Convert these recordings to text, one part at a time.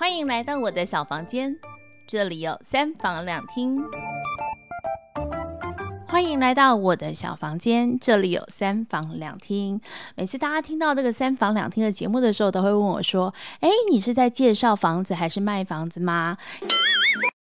歡迎來到我的小房間，這裡有三房兩廳。歡迎來到我的小房間，這裡有三房兩廳。每次大家聽到這個三房兩廳的節目的時候，都會問我說：“哎，你是在介紹房子還是賣房子嗎？”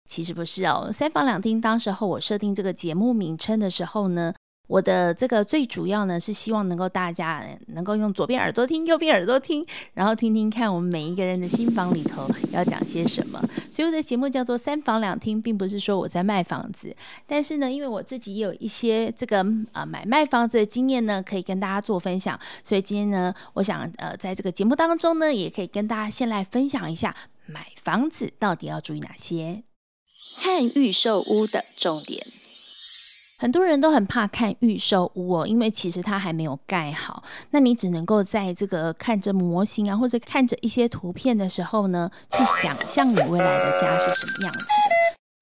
其實不是哦，三房兩廳。當時候我設定這個節目名稱的時候呢。我的這個最主要呢，是希望能夠大家能夠用左邊耳朵聽，右邊耳朵聽，然後聽聽看我們每一個人的心房裡頭要講些什麼。所以我的節目叫做“三房兩聽”，並不是說我在賣房子，但是呢，因為我自己也有一些這個呃買賣房子的經驗呢，可以跟大家做分享。所以今天呢，我想呃在這個節目當中呢，也可以跟大家先來分享一下買房子到底要注意哪些，看預售屋的重點。很多人都很怕看預售屋喔，因為其實它還沒有蓋好。那你只能夠在這個看着模型啊，或者看着一些圖片的時候呢，去想象你未來的家是什麼樣子的。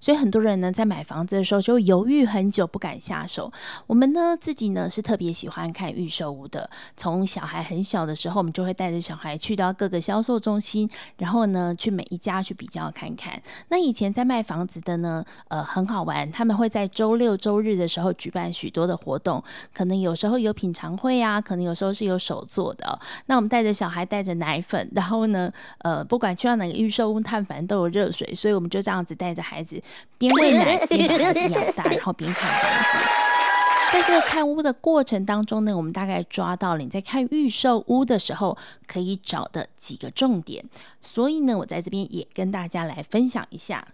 所以很多人呢，在買房子的時候就猶豫很久，不敢下手。我們呢，自己呢是特別喜歡看預售屋的。從小孩很小的時候，我們就會帶着小孩去到各個銷售中心，然後呢，去每一家去比較看看。那以前在賣房子的呢，呃，很好玩，他們會在周六周日的時候舉辦許多的活動，可能有時候有品嘗會啊，可能有時候是有手做的喔。那我們帶着小孩，帶着奶粉，然後呢，呃，不管去到哪個預售屋，但凡都有熱水，所以我們就這樣子帶着孩子。邊餵奶邊把孩子養大，然後邊看房子。在這個看屋的過程當中呢，我們大概抓到了你在看預售屋的時候可以找的幾個重點。所以呢，我在這邊也跟大家來分享一下。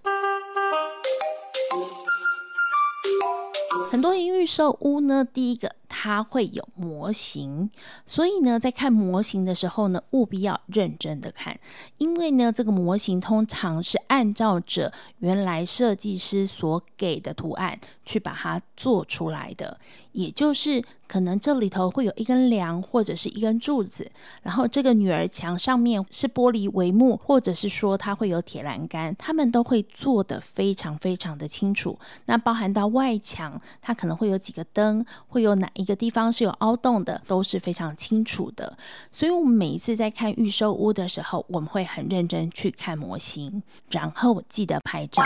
很多人預售屋呢，第一個。它會有模型，所以呢，在看模型的時候呢，務必要認真的看，因為呢，這個模型通常是按照着原來設計師所給的圖案。去把它做出來的，也就是可能這裡頭會有一根梁或者是一根柱子，然後這個女兒牆上面是玻璃帷幕，或者是說它會有鐵欄杆，它們都會做得非常非常的清楚。那包含到外牆，它可能會有幾個燈，會有哪一個地方是有凹洞的，都是非常清楚的。所以，我們每一次在看預售屋的時候，我們會很認真去看模型，然後記得拍照。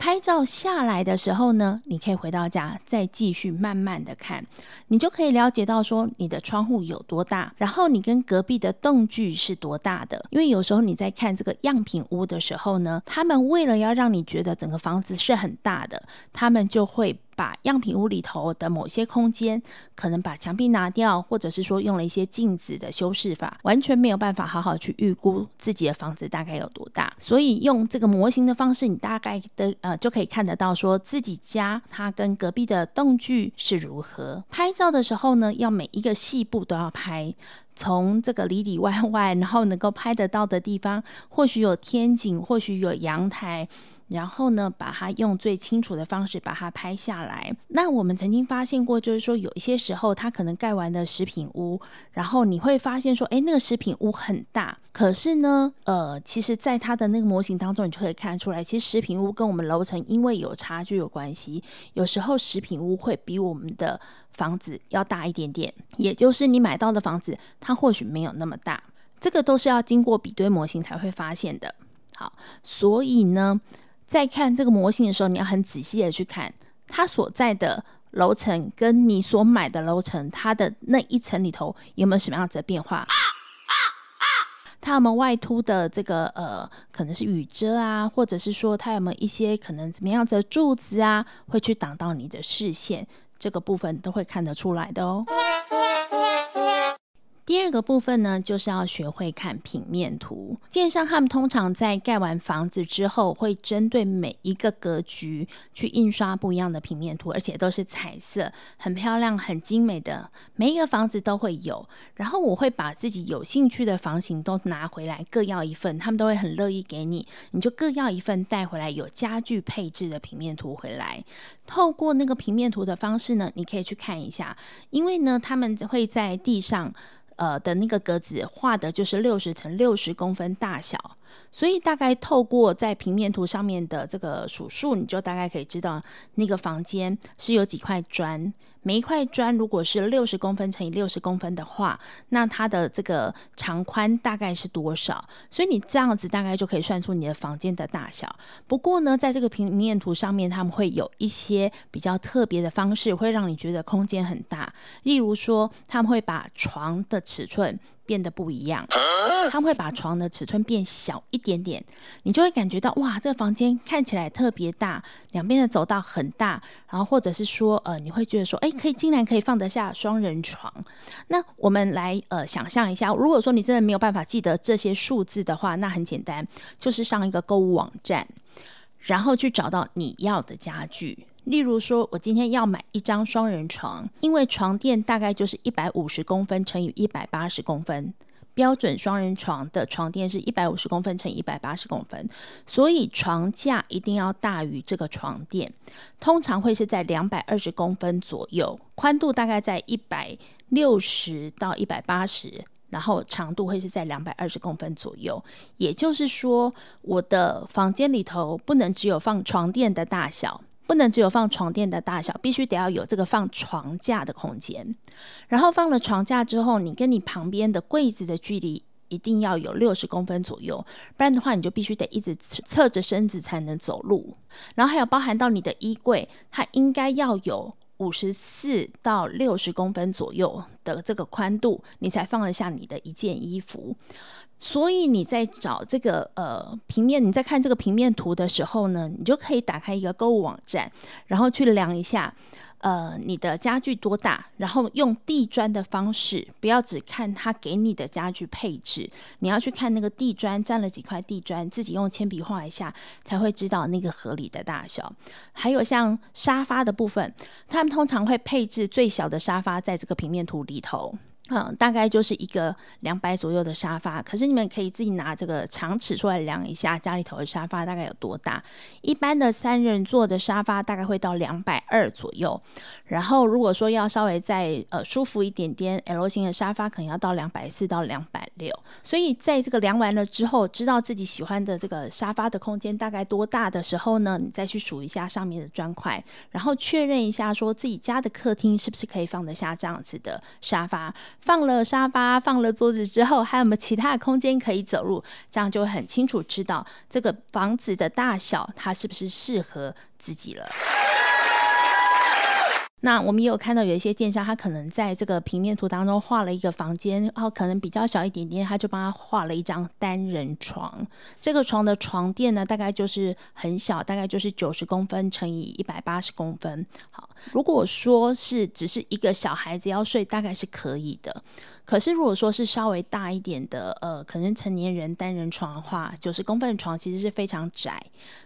拍照下來的時候呢，你可以回到家再繼續慢慢的看，你就可以了解到說你的窗戶有多大，然後你跟隔壁的棟距是多大的。因為有時候你在看這個樣品屋的時候呢，他們為了要讓你覺得整個房子是很大的，他們就會，把樣品屋裡頭的某些空間，可能把牆壁拿掉，或者是說用了一些鏡子的修飾法，完全沒有辦法好好去預估自己的房子大概有多大。所以用這個模型的方式，你大概的呃就可以看得到，說自己家它跟隔壁的棟距是如何。拍照的時候呢，要每一個細部都要拍，從這個裡裡外外，然後能夠拍得到的地方，或許有天井，或許有陽台。然後呢，把它用最清楚的方式把它拍下來。那我們曾經發現過，就是說有一些時候，它可能蓋完的實品屋，然後你會發現說，哎，那個實品屋很大，可是呢，呃，其實，在它的那個模型當中，你就可以看出來，其實實品屋跟我們樓層因為有差距有關係，有時候實品屋會比我們的房子要大一點點。也就是你買到的房子，它或許沒有那麼大，這個都是要經過比對模型才會發現的。好，所以呢。在看這個模型的時候，你要很仔細的去看它所在的樓層跟你所買的樓層，它的那一層裡頭有沒有什麼樣子的變化？啊啊啊、它有沒有外凸的這個呃，可能是雨遮啊，或者是說它有沒有一些可能怎麼樣子的柱子啊，會去擋到你的視線，這個部分都會看得出來的哦。第二個部分呢，就是要學會看平面圖。建商他們通常在蓋完房子之後，會針對每一個格局去印刷不一樣的平面圖，而且都是彩色，很漂亮，很精美的。每一個房子都會有。然後我會把自己有興趣的房型都拿回來，各要一份，他們都會很樂意給你。你就各要一份帶回來，有家具配置的平面圖回來。透過那個平面圖的方式呢，你可以去看一下，因為呢，他們會在地上。呃的那個格子畫的就是六十乘六十公分大小。所以大概透過在平面圖上面的這個數數，你就大概可以知道那個房間是有幾塊磚。每一塊磚如果是六十公分乘以六十公分的話，那它的這個長寬大概是多少？所以你這樣子大概就可以算出你的房間的大小。不過呢，在這個平面圖上面，他們會有一些比較特別的方式，會讓你覺得空間很大。例如說，他們會把床的尺寸，變得不一樣，他們會把床的尺寸變小一點點，你就會感覺到哇，這個房間看起來特別大，兩邊的走道很大，然後或者是說，呃，你會覺得說，誒，可以竟然可以放得下雙人床。那我們來呃想象一下，如果說你真的沒有辦法記得這些數字的話，那很簡單，就是上一個購物網站，然後去找到你要的家具。例如說，我今天要買一張雙人床，因為床墊大概就是一百五十公分乘以一百八十公分，標準雙人床的床墊是一百五十公分乘以一百八十公分，所以床架一定要大於這個床墊，通常會是在兩百二十公分左右，寬度大概在一百六十到一百八十，然後長度會是在兩百二十公分左右，也就是說，我的房間裡頭不能只有放床墊的大小。不能只有放床墊的大小，必須得要有這個放床架的空間。然後放了床架之後，你跟你旁邊的櫃子的距離一定要有六十公分左右，不然的話你就必須得一直側着身子才能走路。然後還有包含到你的衣櫃，它應該要有。五十四到六十公分左右的這個寬度，你才放得下你的一件衣服。所以你在找這個呃平面，你在看這個平面圖的時候呢，你就可以打開一個購物網站，然後去量一下。呃，你的家具多大？然後用地磚的方式，不要只看他給你的家具配置，你要去看那個地磚占了幾塊地磚，自己用鉛筆畫一下，才會知道那個合理的大小。還有像沙發的部分，他們通常會配置最小的沙發在這個平面圖裡頭。嗯，大概就是一個兩百左右的沙發，可是你們可以自己拿這個長尺出來量一下家裡頭的沙發大概有多大。一般的三人座的沙發大概會到兩百二左右，然後如果說要稍微再呃舒服一點點，L 型的沙發可能要到兩百四到兩百六。所以在這個量完了之後，知道自己喜歡的這個沙發的空間大概多大的時候呢，你再去數一下上面的磚塊，然後確認一下說自己家的客廳是不是可以放得下這樣子的沙發。放了沙发，放了桌子之後，還有沒有其他的空間可以走路？這樣就很清楚知道這個房子的大小，它是不是適合自己了。 那我們也有看到有一些建商，他可能在這個平面圖當中畫了一個房間，哦，可能比較小一點點，他就幫他畫了一張單人床。這個床的床墊呢，大概就是很小，大概就是九十公分乘以一百八十公分。好。如果說是只是一個小孩子要睡，大概是可以的。可是如果說是稍微大一點的，呃，可能是成年人單人床的話，九十公分的床其實是非常窄，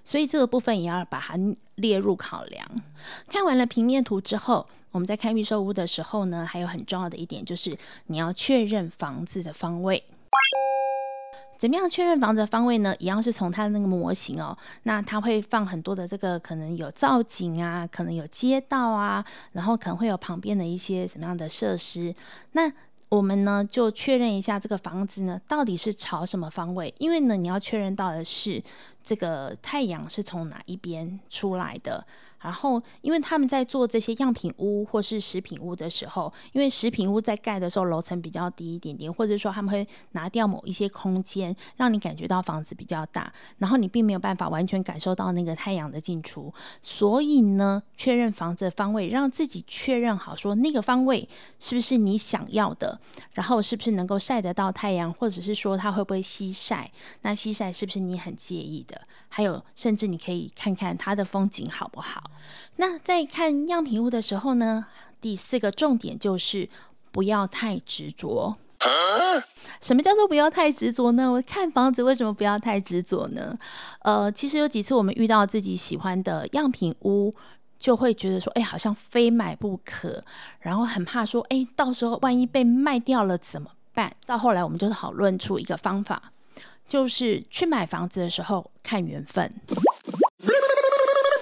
所以這個部分也要把它列入考量。看完了平面圖之後，我們在看預售屋的時候呢，還有很重要的一點就是你要確認房子的方位。怎麼樣確認房子的方位呢？一樣是從它的那個模型哦，那它會放很多的這個可能有造景啊，可能有街道啊，然後可能會有旁邊的一些什麼樣的設施。那我們呢，就確認一下這個房子呢，到底是朝什麼方位，因為呢，你要確認到的是這個太陽是從哪一邊出來的。然後，因為他們在做這些樣品屋或是實品屋的時候，因為實品屋在蓋的時候樓層比較低一點點，或者說他們會拿掉某一些空間，讓你感覺到房子比較大，然後你並沒有辦法完全感受到那個太陽的進出。所以呢，確認房子的方位，讓自己確認好，說那個方位是不是你想要的，然後是不是能夠曬得到太陽，或者是說它會不會西曬，那西曬是不是你很介意的？還有，甚至你可以看看它的風景好不好？那在看樣品屋的時候呢，第四個重點就是不要太執着。啊、什麼叫做不要太執着呢？我看房子為什麼不要太執着呢？呃，其實有幾次我們遇到自己喜歡的樣品屋，就會覺得說，哎、欸，好像非買不可，然後很怕說，哎、欸，到時候萬一被賣掉了怎麼辦？到後來我們就討論出一個方法。就是去買房子的時候看緣分，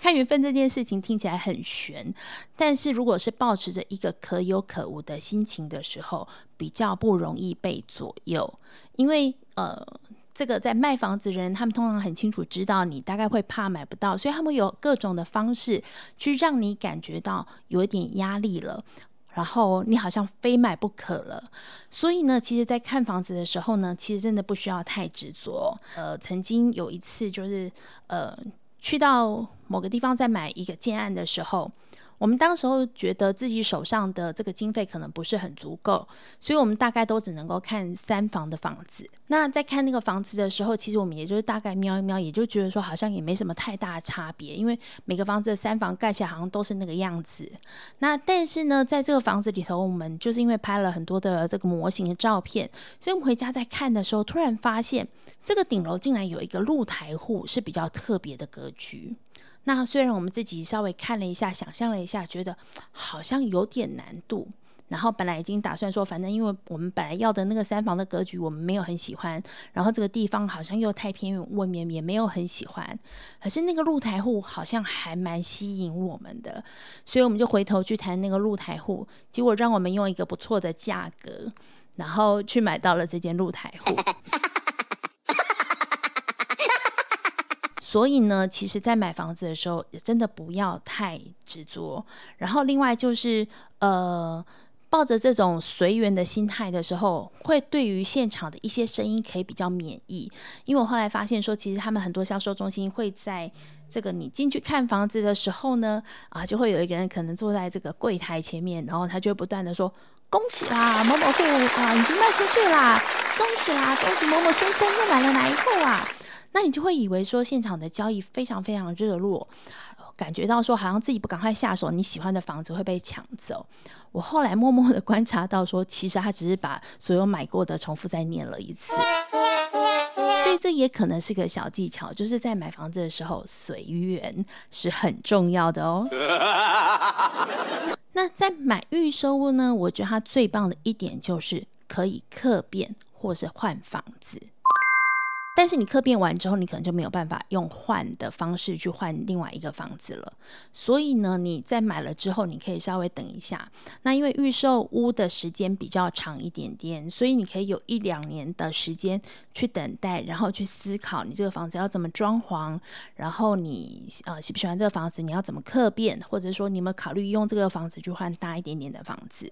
看緣分這件事情聽起來很玄，但是如果是抱持着一個可有可無的心情的時候，比較不容易被左右，因為呃，這個在賣房子的人他們通常很清楚知道你大概會怕買不到，所以他們有各種的方式去讓你感覺到有一點壓力了。然後你好像非買不可了，所以呢，其實，在看房子的時候呢，其實真的不需要太執着。呃，曾經有一次，就是呃，去到某個地方再買一個建案的時候。我們當時候覺得自己手上的這個經費可能不是很足夠，所以我們大概都只能夠看三房的房子。那在看那個房子的時候，其實我們也就是大概瞄一瞄，也就覺得說好像也沒什麼太大差別，因為每個房子的三房蓋起來好像都是那個樣子。那但是呢，在這個房子裡頭，我們就是因為拍了很多的這個模型的照片，所以我們回家在看的時候，突然發現這個頂樓竟然有一個露台戶是比較特別的格局。那雖然我們自己稍微看了一下，想象了一下，覺得好像有點難度。然後本來已經打算說，反正因為我們本來要的那個三房的格局，我們沒有很喜歡。然後這個地方好像又太偏遠，外面也沒有很喜歡。可是那個露台戶好像還蠻吸引我們的，所以我們就回頭去談那個露台戶，結果讓我們用一個不錯的價格，然後去買到了這間露台戶。 所以呢，其實，在買房子的時候，也真的不要太執着。然後，另外就是，呃，抱着這種隨緣的心態的時候，會對於現場的一些聲音可以比較免疫。因為我後來發現說，其實他們很多銷售中心會在這個你進去看房子的時候呢，啊，就會有一個人可能坐在這個櫃台前面，然後他就不斷的說：“恭喜啦，某某戶啊，已經賣出去啦，恭喜啦，恭喜某某先生又買了哪一戶啊。”那你就會以為說現場的交易非常非常熱絡，感覺到說好像自己不趕快下手，你喜歡的房子會被搶走。我後來默默的觀察到說，其實他只是把所有買過的重複再念了一次，所以這也可能是個小技巧，就是在買房子的時候，隨緣是很重要的哦。 那在買預售屋呢，我覺得它最棒的一點就是可以客變或是換房子。但是你客變完之後，你可能就沒有辦法用換的方式去換另外一個房子了。所以呢，你在買了之後，你可以稍微等一下。那因為預售屋的時間比較長一點點，所以你可以有一兩年的時間去等待，然後去思考你這個房子要怎麼裝潢，然後你呃喜不喜歡這個房子，你要怎麼客變，或者說你有沒有考慮用這個房子去換大一點點的房子。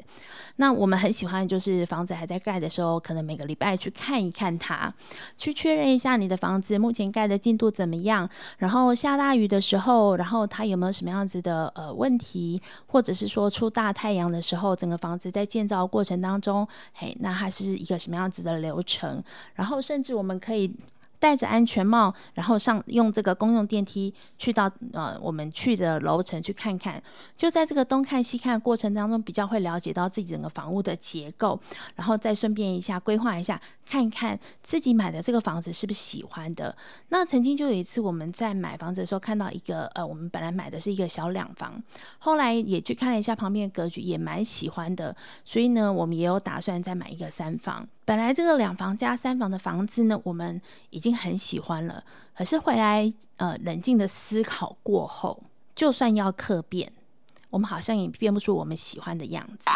那我們很喜歡就是房子還在蓋的時候，可能每個禮拜去看一看它，去確認。下你的房子目前蓋的進度怎麼樣？然後下大雨的時候，然後它有沒有什麼樣子的呃問題？或者是說出大太陽的時候，整個房子在建造過程當中，嘿，那它是一個什麼樣子的流程？然後甚至我們可以。戴着安全帽，然後上用這個公用電梯去到呃我們去的樓層去看看。就在這個東看西看的過程當中，比較會了解到自己整個房屋的結構，然後再順便一下規劃一下，看一看自己買的這個房子是不是喜歡的。那曾經就有一次我們在買房子的時候，看到一個呃我們本來買的是一個小兩房，後來也去看了一下旁邊的格局，也蠻喜歡的，所以呢我們也有打算再買一個三房。本來這個兩房加三房的房子呢，我們已經很喜歡了。可是回來呃冷靜的思考過後，就算要客變，我們好像也變不出我們喜歡的樣子。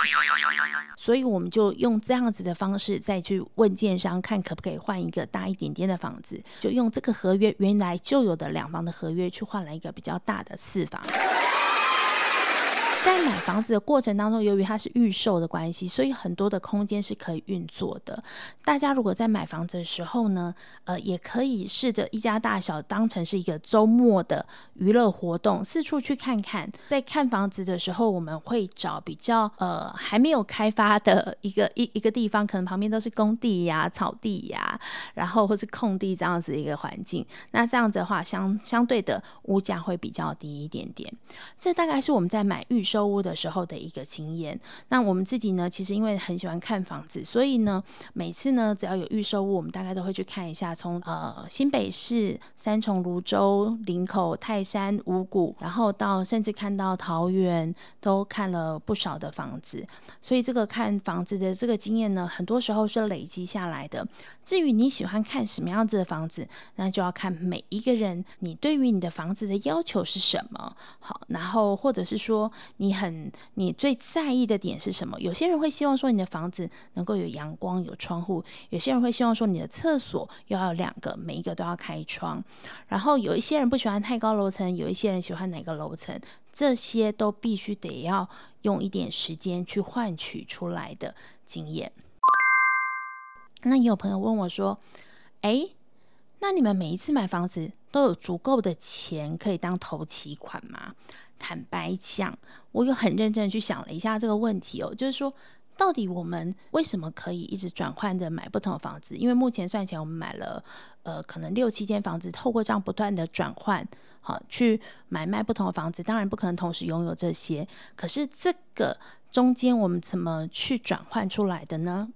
所以我們就用這樣子的方式再去問建商，看可不可以換一個大一點點的房子。就用這個合約原來就有的兩房的合約去換了一個比較大的四房。在買房子的過程當中，由於它是預售的關係，所以很多的空間是可以運作的。大家如果在買房子的時候呢，呃，也可以試着一家大小當成是一個周末的娛樂活動，四處去看看。在看房子的時候，我們會找比較呃還沒有開發的一個一一個地方，可能旁邊都是工地呀、草地呀，然後或是空地這樣子的一個環境。那這樣子的話，相相對的物價會比較低一點點。這大概是我們在買預售。收屋的時候的一個經驗。那我們自己呢，其實因為很喜歡看房子，所以呢，每次呢只要有預售屋，我們大概都會去看一下從。從呃新北市三重、蘆洲、林口、泰山、五股，然後到甚至看到桃園，都看了不少的房子。所以這個看房子的這個經驗呢，很多時候是累積下來的。至於你喜歡看什麼樣子的房子，那就要看每一個人你對於你的房子的要求是什麼。好，然後或者是說。你很，你最在意的點是什麼？有些人會希望說你的房子能夠有陽光、有窗戶；有些人會希望說你的廁所又要有兩個，每一個都要開窗。然後有一些人不喜歡太高樓層，有一些人喜歡哪個樓層，這些都必須得要用一點時間去換取出來的經驗。那有朋友問我說：“誒，那你們每一次買房子都有足夠的錢可以當頭期款嗎？”坦白講，我有很認真的去想了一下這個問題哦，就是說，到底我們為什麼可以一直轉換的買不同的房子？因為目前算起來，我們買了呃，可能六七間房子，透過這樣不斷的轉換，好、啊、去買賣不同的房子，當然不可能同時擁有這些。可是這個中間我們怎麼去轉換出來的呢？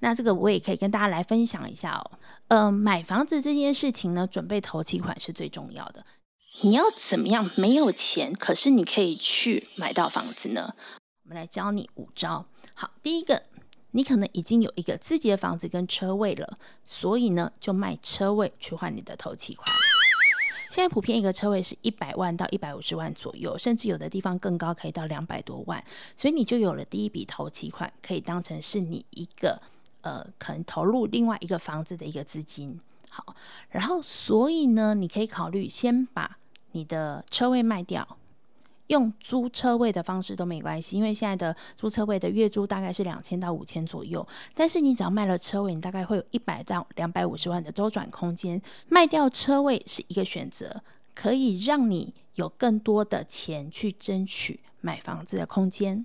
那這個我也可以跟大家來分享一下哦。嗯、呃，買房子這件事情呢，準備頭期款是最重要的。你要怎麼樣沒有錢，可是你可以去買到房子呢？我們來教你五招。好，第一個，你可能已經有一個自己的房子跟車位了，所以呢，就賣車位去換你的頭期款。現在普遍一個車位是一百萬到一百五十萬左右，甚至有的地方更高，可以到兩百多萬。所以你就有了第一筆頭期款，可以當成是你一個呃，可能投入另外一個房子的一個資金。好，然後所以呢，你可以考慮先把你的車位賣掉，用租車位的方式都沒關係，因為現在的租車位的月租大概是兩千到五千左右，但是你只要賣了車位，你大概會有一百到兩百五十萬的周轉空間。賣掉車位是一個選擇，可以讓你有更多的錢去爭取買房子的空間。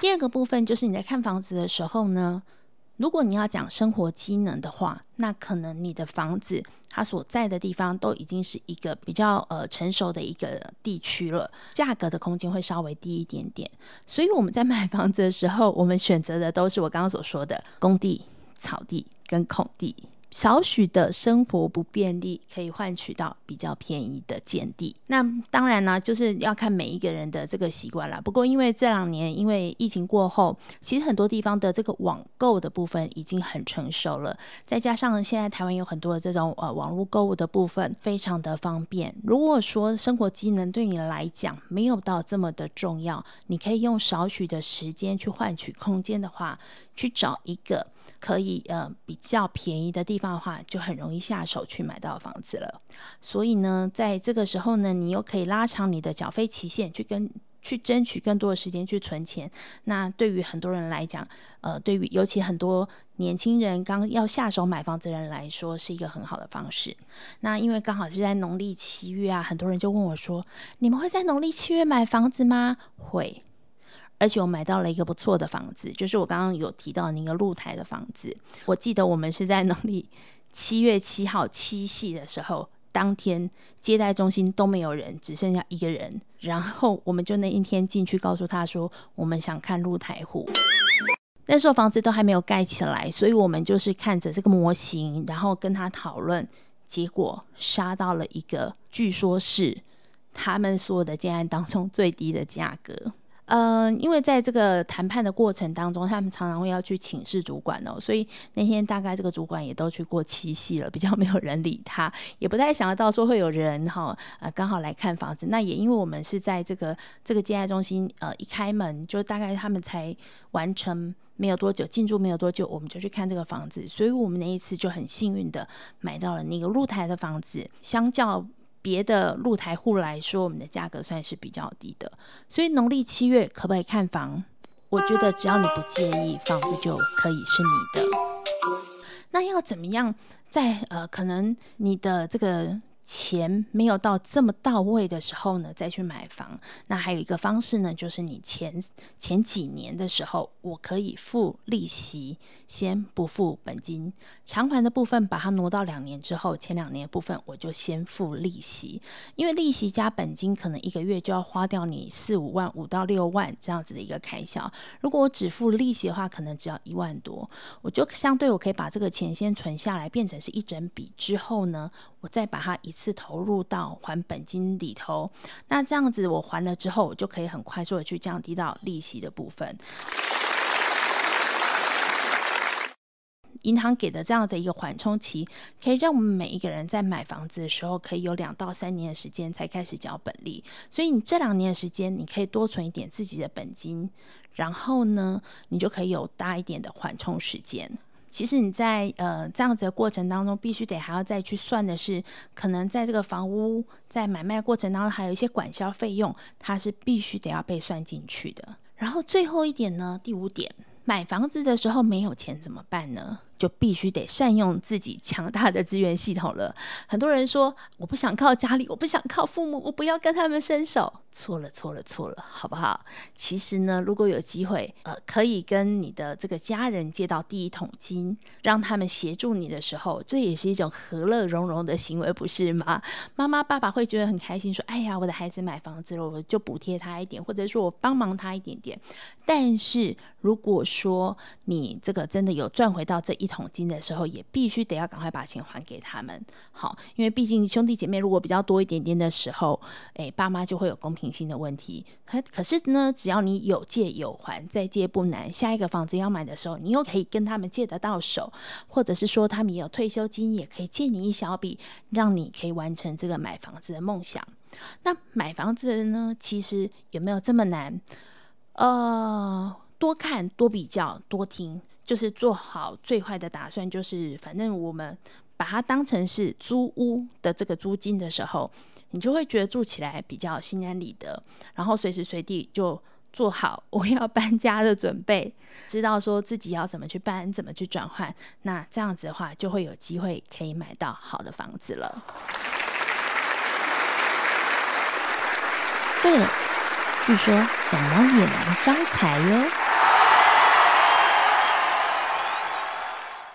第二個部分就是你在看房子的時候呢，如果你要講生活機能的話，那可能你的房子它所在的地方都已經是一個比較呃成熟的一個地區了，價格的空間會稍微低一點點。所以我們在買房子的時候，我們選擇的都是我剛剛所說的工地、草地跟空地。少許的生活不便利，可以換取到比較便宜的建地。那當然呢、啊，就是要看每一個人的這個習慣了。不過，因為這兩年因為疫情過後，其實很多地方的這個網購的部分已經很成熟了。再加上現在台灣有很多的這種呃、啊、網絡購物的部分，非常的方便。如果說生活機能對你來講沒有到這麼的重要，你可以用少許的時間去換取空間的話，去找一個。可以呃比較便宜的地方的話，就很容易下手去買到房子了。所以呢，在這個時候呢，你又可以拉長你的繳費期限，去跟去爭取更多的時間去存錢。那對於很多人來講，呃，對於尤其很多年輕人剛要下手買房子的人來說，是一個很好的方式。那因為剛好是在農曆七月啊，很多人就問我說：“你們會在農曆七月買房子嗎？”會。而且我買到了一個不錯的房子，就是我剛剛有提到那個露台的房子。我記得我們是在農曆七月七號七夕的時候，當天接待中心都沒有人，只剩下一個人。然後我們就那一天進去，告訴他說我們想看露台戶。那時候房子都還沒有蓋起來，所以我們就是看着這個模型，然後跟他討論。結果殺到了一個，據說是他們所有的建案當中最低的價格。嗯、呃，因為在這個談判的過程當中，他們常常會要去請示主管哦，所以那天大概這個主管也都去過七夕了，比較沒有人理他，也不太想得到說會有人哈、哦，呃，剛好來看房子。那也因為我們是在這個這個接待中心，呃，一開門就大概他們才完成沒有多久，進駐沒有多久，我們就去看這個房子，所以我們那一次就很幸運的買到了那個露台的房子，相較別的露台戶來說，我們的價格算是比較低的，所以農曆七月可不可以看房？我覺得只要你不介意，房子就可以是你的。那要怎麼樣？在呃，可能你的這個。錢沒有到這麼到位的時候呢，再去買房。那還有一個方式呢，就是你前前幾年的時候，我可以付利息，先不付本金，償還的部分把它挪到兩年之後。前兩年的部分我就先付利息，因為利息加本金可能一個月就要花掉你四五萬，五到六萬這樣子的一個開銷。如果我只付利息的話，可能只要一萬多，我就相對我可以把這個錢先存下來，變成是一整筆之後呢，我再把它一次。是投入到還本金裡頭，那這樣子我還了之後，我就可以很快速的去降低到利息的部分。 銀行給的這樣的一個緩衝期，可以讓我們每一個人在買房子的時候，可以有兩到三年的時間才開始繳本利。所以你這兩年的時間，你可以多存一點自己的本金，然後呢，你就可以有大一點的緩衝時間。其實你在呃這樣子的過程當中，必須得還要再去算的是，可能在這個房屋在買賣過程當中，還有一些管銷費用，它是必須得要被算進去的。然後最後一點呢，第五點，買房子的時候沒有錢怎麼辦呢？就必須得善用自己強大的資源系統了。很多人說我不想靠家裡，我不想靠父母，我不要跟他們伸手。錯了錯了錯了，好不好？其實呢，如果有機會，呃，可以跟你的這個家人借到第一桶金，讓他們協助你的時候，這也是一種和樂融融的行為，不是嗎？媽媽爸爸會覺得很開心，說：“哎呀，我的孩子買房子了，我就補貼他一點，或者說我幫忙他一點點。”但是如果說你這個真的有賺回到這一，桶金的時候也必須得要趕快把錢還給他們，好，因為畢竟兄弟姐妹如果比較多一點點的時候，哎、欸，爸媽就會有公平性的問題。可可是呢，只要你有借有還，再借不難。下一個房子要買的時候，你又可以跟他們借得到手，或者是說他們也有退休金，也可以借你一小筆，讓你可以完成這個買房子的夢想。那買房子呢，其實有沒有這麼難？呃，多看、多比較、多聽。就是做好最壞的打算，就是反正我們把它當成是租屋的這個租金的時候，你就會覺得住起來比較心安理得，然後隨時隨地就做好我要搬家的準備，知道說自己要怎麼去搬、怎麼去轉換。那這樣子的話，就會有機會可以買到好的房子了。對了，據說小貓也能招財喲。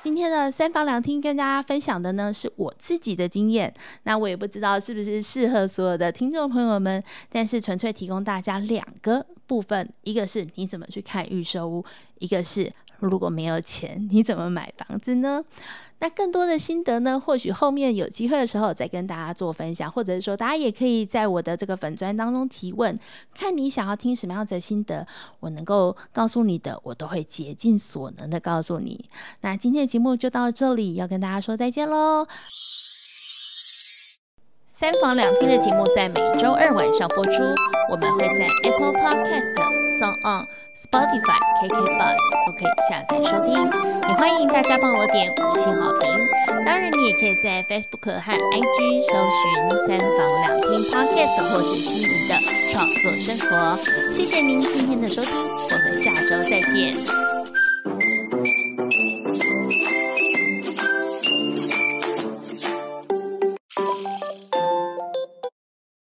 今天的三房兩廳，跟大家分享的呢，是我自己的經驗，那我也不知道是不是適合所有的聽眾朋友們，但是純粹提供大家兩個部分，一個是你怎麼去看預售屋，一個是。如果沒有錢，你怎麼買房子呢？那更多的心得呢？或許後面有機會的時候再跟大家做分享，或者是說大家也可以在我的這個粉專當中提問，看你想要聽什麼樣子的心得，我能夠告訴你的，我都會竭盡所能的告訴你。那今天的節目就到這裡，要跟大家說再見嘍。三房兩廳的節目在每週二晚上播出，我們會在 Apple Podcast、SoundOn、Spotify、KKBOX、都可以下載收聽。也歡迎大家幫我點五星好評。當然，你也可以在 Facebook 和 IG 搜尋“三房兩廳 Podcast” 獲取心怡的創作生活。謝謝您今天的收聽，我們下周再見。